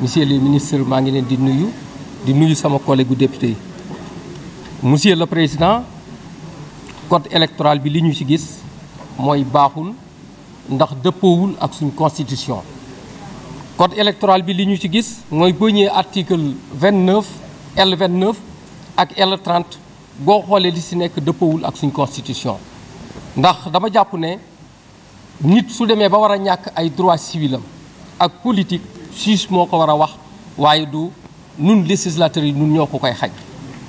monsieur le ministre maa ngi leen di nuyu di nuyu sama collègue bu député yi monsieur le président code électoral bi li ñu ci gis mooy baaxul ndax dëppoowul ak suñ constitution code électoral bi li ñu ci gis mooy boo ñëwee article 29 L 29 ak L 30 boo xoolee li si nekk dëppowul ak suñ constitution ndax dama jàpp ne nit su demee ba war a ñàkk ay droits civils ak politique juge moo ko war a wax waaye du nun législateurs yi nun ñoo ko koy xaj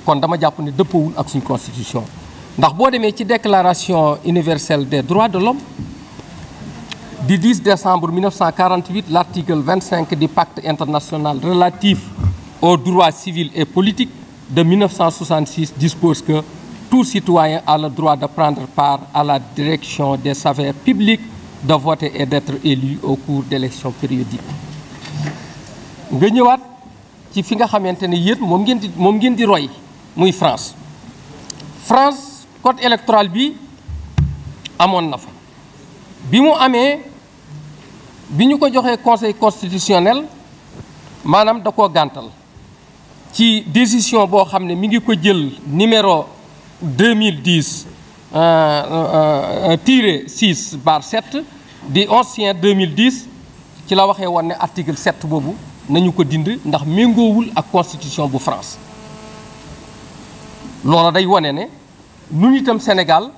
kon dama jàpp ne dëppawul ak suñ constitution ndax boo demee ci déclaration universelle des droits de l'homme du 10 décembre 1948 l'article 25 du pacte international relatif au droits civils et politiques de 1966 dispose que tout citoyen à le droit de prendre part à la direction des affaires publiques, de voter et d'être élu au cours d'élections périodiques. nga ñëwaat ci fi nga xamante ne yéen moom ngeen di moom ngeen di roy muy France France code électoral bi amoon na fa bi mu amee bi ñu ko joxee conseil constitutionnel maanaam da koo gàntal ci décision boo xam ne mi ngi ko jël numéro 2010 euh, euh, euh, tiré 6 bar 7 di 11 juin 2010 ci la waxee woon ne article 7 boobu nañu ko dind ndax méngoowul ak constitution bu France loola day wane ne nun itam Sénégal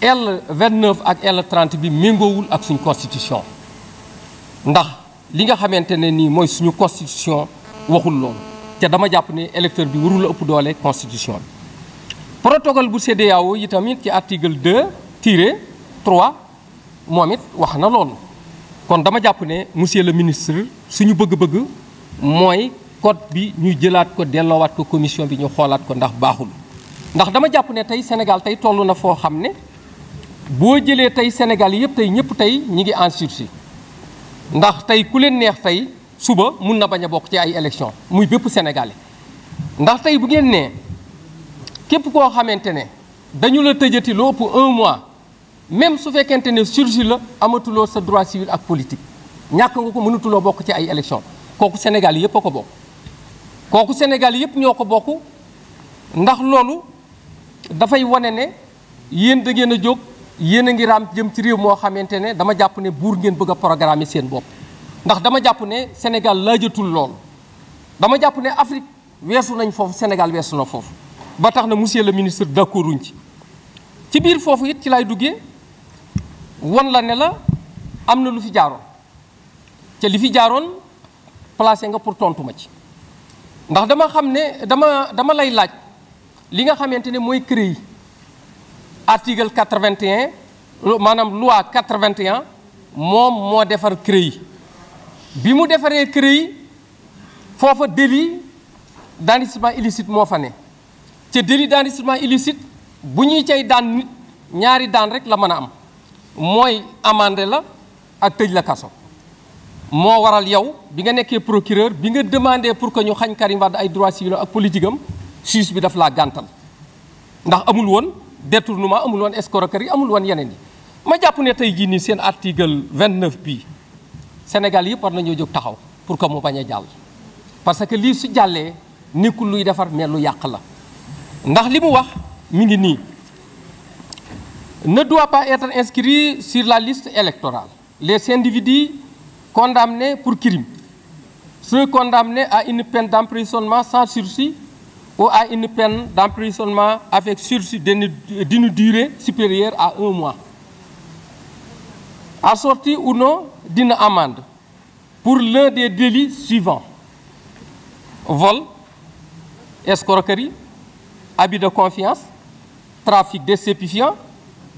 L 29 ak L 30 bi méngoowul ak suñ constitution ndax li nga xamante ne nii mooy suñu constitution waxul loolu te dama jàpp ne électeur bi warul la ëpp doole constitution bi protocole bu CEDEAO yi tamit ci article 2 tiré 3 moom it wax na loolu kon dama jàpp ne monsieur le ministre suñu bëgg-bëgg mooy code bi ñu jëlaat ko delloowaat ko commission bi ñu xoolaat ko ndax baaxul ndax dama jàpp ne tey Sénégal tey toll na foo xam ne boo jëlee tey Sénégal yëpp tey ñëpp tey ñi ngi en sursis ndax tey ku leen neex tey suba mun na bañ a bokk ci ay élection muy bépp Sénégalais ndax tey bu ngeen nee képp koo xamante ne dañu la tëjati lu ëpp un mois même su fekkente ne surgi la amatuloo sa droit civil ak politique ñàkk nga ko mënatuloo bokk ci ay élection kooku Sénégal yëpp a ko bokk kooku Sénégal yëpp ñoo ko bokk ndax loolu dafay wane ne yéen da ngeen a jóg yéen a ngi raam jëm ci réew moo xamante ne dama jàpp ne buur ngeen bëgg a programmer seen bopp ndax dama jàpp ne Sénégal laajatul loolu dama jàpp ne Afrique weesu nañ foofu Sénégal weesu na foofu ba tax na monsieur le ministre d'accorduñ ci ci biir foofu it ci lay duggee wan la ne la am na lu fi jaaroon te li fi jaaroon placé nga pour tontu ma ci ndax dama xam ne dama dama lay laaj li nga xamante ne mooy CREI vingt 81 maanaam loi quatre 81 moom moo defar CREI bi mu defaree CREI foofa délit d'enrichissement illicite moo fa ne ca délit d'enrichissement illicite bu ñuy cay daan nit ñaari daan rek la mën a am mooy amande la ak tëj la kaso moo waral yow bi nga nekkee procureur bi nga demandé pour que ñu xañ Karim ay droits civils ak politique am bi daf laa gàntal ndax amul woon détournement amul woon escroquerie amul woon yeneen yi ma jàpp ne tey jii nii seen article 29 bii Sénégal yëpp war nañoo jóg taxaw pour que mu bañ a jàll parce que lii su jàllee nekkul luy defar mais lu yàq la ndax li mu wax mi ngi nii ne doit pas être inscrit sur la liste électorale. Les individus condamnés pour crime, ceux condamnés à une peine d'emprisonnement sans sursis ou à une peine d'emprisonnement avec sursis d'une durer supérieure à un mois, assorti ou non dina amende pour l'un des délits suivants vol, escroquerie, abus de confiance, trafic de stupéfiants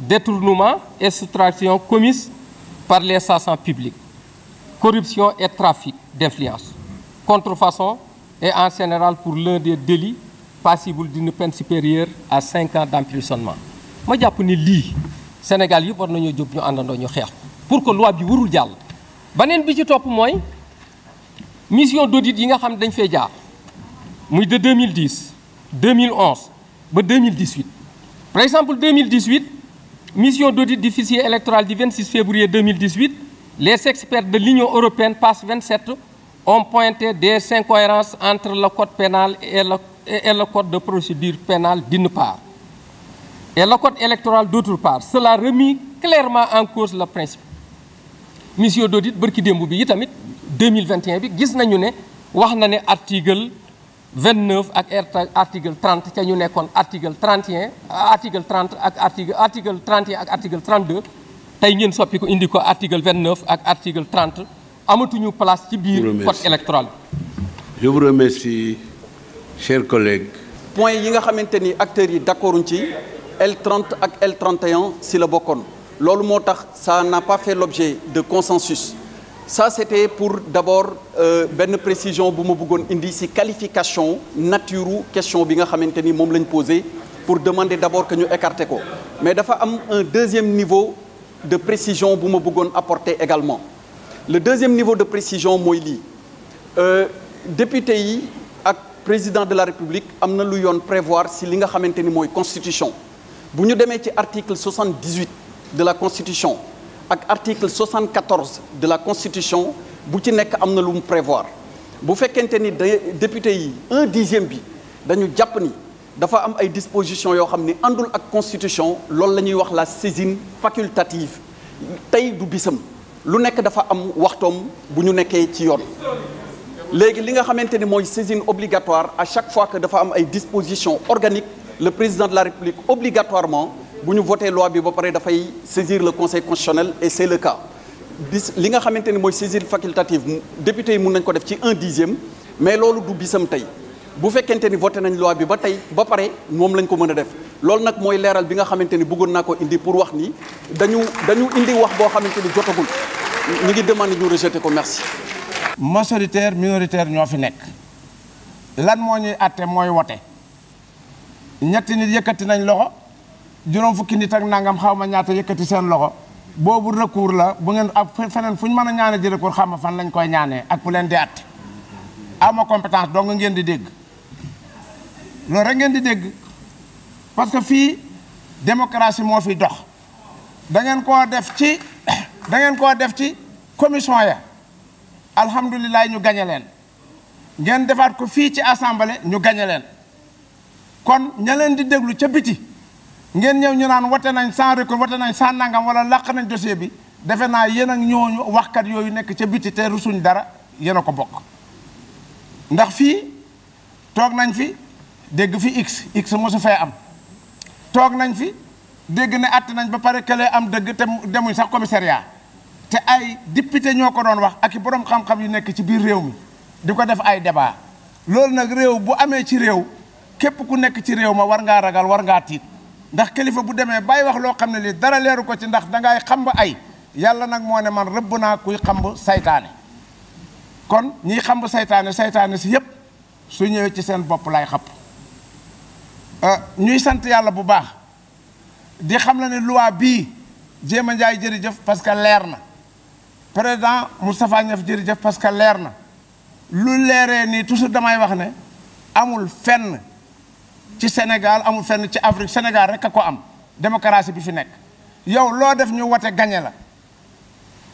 détournement et soustraction commises par les agents publics, corruption et trafic d'influence, contrefaçon est en général pour l'un des délits passible d'une peine supérieure à cinq ans d'emprisonnement. ma jàpp ni lii Sénégal yëpp war ñoo jóg ñu àndandoo ñu xeex pour que loi bi warul jàll. beneen bi ci topp mooy mission d'audit yi nga xam dañ fee jaar muy de 2010 2011 ba 2018 par exemple 2018. mission d'audit du fichier électoral du 26 février 2018, les experts de l'Union européenne, PAS 27, ont pointé des incohérences entre le code pénal et le, et le code de procédure pénale d'une part et le code électoral d'autre part. Cela remet clairement en cause le principe. mission d'audit bërki démb bi yi tamit 2021 bi gis nañu ne wax na ne article 29 ak article 30 ca ñu nekkoon article 31 article 30 ak article article 31 ak article 32 tey ngeen soppi ko indi ko article 29 ak article 30 amatuñu place ci biir code électoral bi je vous remercie chers collègues point yi nga xamante ni acteurs yi d'accorduñ ci l ak l si la bokkoon loolu moo tax ça n'a pas fait l'objet de consensus ça c'était pour d'abord euh, benn précision bu ma bëggoon indi ci qualification nature question bi nga xamante ni moom lañ posé pour demander d'abord que ñu écarter ko mais dafa am deuxième niveau de précision bu ma bëggoon apporter également le deuxième niveau de précision mooy lii euh, député yi ak président de la république am na lu yoon prévoir ci li nga xamante ni mooy constitution bu ñu demee ci article 78 de la constitution ak article 74 de la constitution bu ci nekk am na lu mu prévoir bu fekkente ni da député yi un dixième bi dañu jàpp ni dafa am ay dispositions yoo xam ni àndul ak constitution loolu la ñuy wax la saisine facultative tey du bisam lu nekk dafa am waxtoom bu ñu nekkee ci yoon léegi li nga xamante ni mooy saisine obligatoire à chaque fois que dafa am ay disposition organiques le président de la république obligatoirement bu ñu voté loi bi ba pare dafay saisir le conseil constitutionnel et c'est le cas bis li nga xamante ni mooy saisir facultative député yi mun nañ ko def ci un dixième mais loolu du bisam tey bu fekkente ni voté nañ loi bi ba tey ba pare moom lañ ko mën a def loolu nag mooy leeral bi nga xamante ni buggoon naa ko indi pour wax nii dañu dañu indi wax boo xamante ni jotagul ñu ngi demandé ñu rejeté ko merci. majoritaire minoritaire ñoo fi nekk lan moo ñuy àtte mooy wote nit yëkkati nañ loxo. juróom fukki nit ak nangam xaw ma ñaata yëkkati seen loxo boobu recours la bu ngeen ak feneen fu ñu mën a ñaane ji recours xam ma fan lañ koy ñaanee ak ku leen di atte ama compétence dong ngeen di dégg loolu rek ngeen di dégg parce que fii démocratie moo fi dox da ngeen koo def ci da ngeen koo def ci commission ya alhamdulilah ñu gañe leen ngeen defaat ko fii ci assemblée ñu gañe leen kon ña leen di déglu ca biti ngeen ñëw ñu naan wate nañ sans recours wate nañ sans nangam wala làq nañ dossier bi defe naa yéen ak ñooñu waxkat yooyu nekk ca biti te rusuñ dara yéen a ko bokk ndax fii toog nañ fi dégg fi x x mosu fee am toog nañ fi dégg ne àtt nañ ba pare këlee am dëgg te demuñ sax commissariat te ay député ñoo ko doon wax ak i borom xam-xam yu nekk ci biir réew mi di ko def ay débat loolu nag réew bu amee ci réew képp ku nekk ci réew ma war ngaa ragal war ngaa tiit ndax kilifa bu demee bàyyi wax loo xam ne lii dara leeru ko ci ndax dangay xamb ay yàlla nag moo ne man rëbb naa kuy xamb seytaane kon ñiy xamb seytaane saytaane si yépp su ñëwee ci seen bopp laay xapp euh, ñuy sant yàlla bu baax di xam la ne loi bii jéem a njaay jërëjëf parce que leer na président Moustapha Niass jërëjëf parce que leer na lu leeree nii toujours damay wax ne amul fenn ci Sénégal amul fenn ci Afrique Sénégal rek a ko am démocratie bi fi nekk yow loo def ñu wote gañe la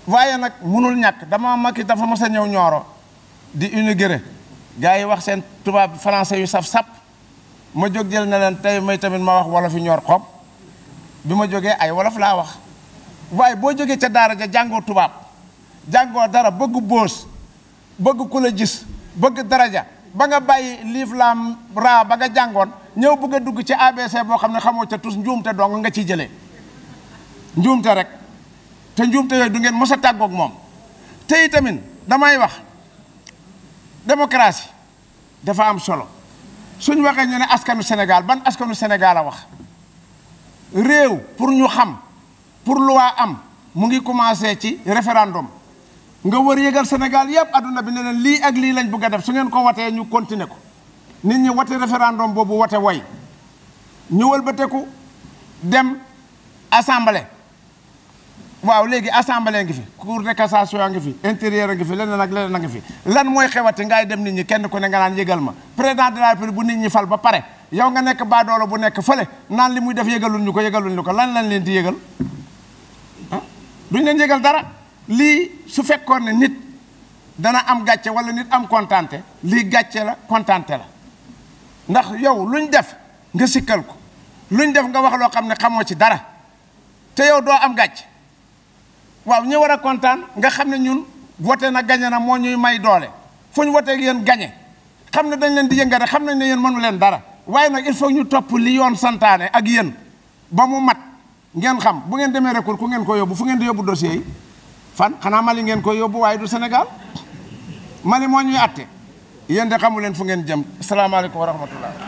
waaye nag munul ñàkk dama Macky dafa mës a ñëw Nioro di inauguré gars yi wax seen tubaab français yu saf-sap ma jóg jël na leen tey may tamit ma wax wolof yu ñor xob bi ma jógee ay wolof laa wax waaye boo jógee ca daara ja jàngoo tubaab jàngoo dara bëgg boos bëgg ku la gis bëgg daraja ba nga bàyyi liif laam raa ba nga jàngoon ñëw bugg a dugg ci ABC boo xam ne xamoo ca tus njuumte dong nga ciy jëlee njuumte rek te njuumte yooyu du ngeen mos a tàggoog moom te tamit damay wax démocratie dafa am solo suñ waxee ñu ne askanu Sénégal ban askanu Sénégal a wax réew pour ñu xam pour loi am mu ngi commencé ci référendum nga wër yëgal Sénégal yëpp adduna bi ne leen lii ak lii lañ bugg a def su ngeen ko watee ñu continuer ko nit ñi wate référendum boobu wate way ñëwal ñu wëlbateku dem assemblée waaw léegi assemblée ngi fi cour de cassation a ngi fi intérieur a ngi fi leneen ak leneen a ngi fi lan mooy xewati ngay dem nit ñi kenn ku ne nga naan yëgal ma président de la république bu nit ñi fal ba pare yow nga nekk baadoolo bu nekk fële naan li muy def yëgalul ñu ko yëgalul ñu ko lan lañ leen di yëgal ah dara lii su fekkoon ne nit dana am gàcce wala nit am kontante lii gàcce la kontante la ndax yow luñ def nga sikkal ko luñ def nga wax loo xam ne xamoo ci dara te yow doo am gàcce waaw ñu war a kontaan nga xam ne ñun wote na gañe na moo ñuy may doole fu ñu woteeg yéen gañe xam ne dañ leen di yëngate xam nañ ne yéen mënu leen dara waaye nag il faut ñu topp li yoon santaane ak yéen ba mu mat ngeen xam bu ngeen demee recours ku ngeen ko yóbbu fu ngeen di yóbbu dossier fan xanaa Mali ngeen koy yóbbu waaye du Sénégal Mali moo ñuy àtte yéen de xamu leen fu ngeen jëm salaamaaleykum wa rahmatullah